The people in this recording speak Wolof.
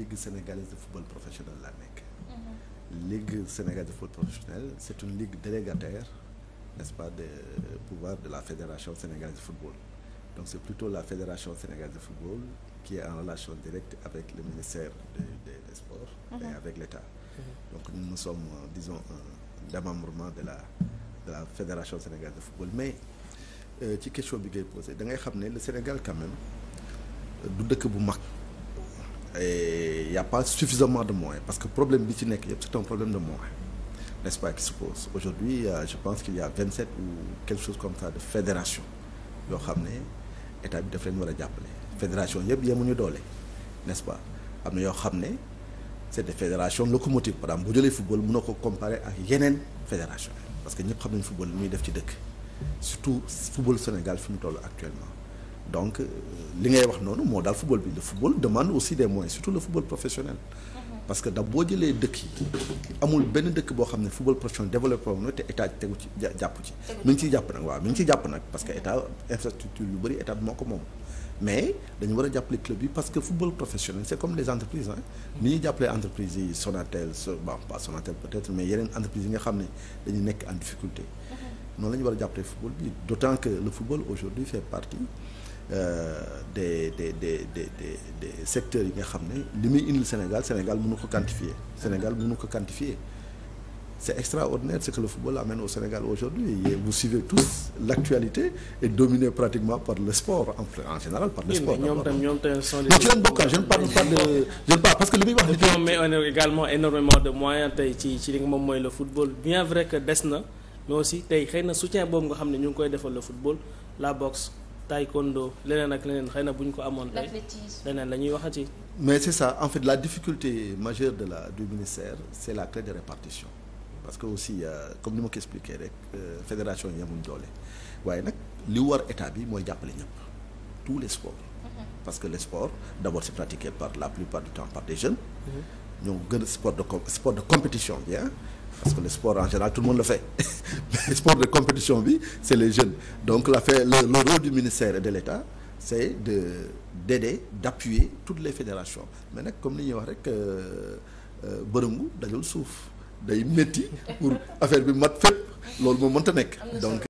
ligue sénégalaise de football professionnel laa nekk. Mhm. ligue sénégalaise de football professionnel c' une ligue délégataire n' est ce pas de pouvoir de la fédération sénégalaise de football donc c' plutôt la fédération sénégalaise de football qui est en relation directe avec le ministère de de et mhm. avec l' mhm. donc nous sommes disons de la de la fédération sénégalaise de football mais euh, ci question bi ngay posé da xam ne le Sénégal quand du dëkk y a pas suffisamment de moyens parce que problème bi ci nekk yëpp c'est un problème de moyens nest pas qui se pose aujourd'hui euh, je pense qu'il y a 27 ou quelque chose comme ça de fédération yoo xam ne état bi def leen war a jàppale fédération yëpp yemuñu doole n'est-ce pas am na yoo xam ne c'est de fédérations locomotives par exemple bu jëlee football mën na ko comparer ak yeneen fédération parce que ñëpp xam nañu football li muy def ci dëkk surtout football Sénégal fi mu toll donc euh, li ngay wax noonu moo daal football bi le football demande aussi des moyens surtout le football professionnel. Mhm. parce que da boo jëlee dëkk yi amul benn dëkk boo xam ne football professionnel développé na te état tegu ci jàpp ci. mi ngi jàpp nag waaw que état infrastructure yu bëri état mais dañu war a jàppale club yi parce que football professionnel c' est comme les entreprises ah. ni ñuy jàppale entreprises yi Sonatel bon pas Sonatel peut être mais yeneen entreprises yi nga xam ne dañu nekk en difficulté. Mhm. noonu la war a jàppale football bi d' autant que le Euh, des de des de des des secteurs yi nga xam ne li muy indil Sénégal Sénégal mënu ko quantifier Sénégal mënu ko quantifier c'est extraordinaire ce que le football amène au Sénégal aujourd'hui vous suivez tous l'actualité est dominée pratiquement par le en, général par le parce que li muy wax ñoom mais on a également énormément de moyens tey ci ci li mooy le football bien vrai que des na mais aussi tey xëy na soutien boobu nga xam ne ñu ngi koy defal le football la boxe taekwondo leneen ak leneen xëy na bu ñu ko amoon tey leneen la ñuy waxati mais c'est ça en fait la difficulté majeure de la du ministère c'est la clé de répartition parce que aussi euh, comme ni ma ko expliqué rek euh, fédération yi amuñ doole waaye nag li war état bi mooy jàppale ñëpp tous les sports mm-hmm. parce que les sports d'abord c'est pratiqué par la plupart du temps par des jeunes mm-hmm. ñoo gën a sport de compétition bi compétition parce que le sport en général tout le monde le fait mais sport de compétition bi c'est les jeunes donc la fait le, le rôle du ministère de l'État c'est de d'aider d'appuyer toutes les fédérations mais nag comme li ñuy wax rek euh, euh, bërëngu dajul suuf day métti pour affaire bi mat fépp loolu moo mënta nekk donc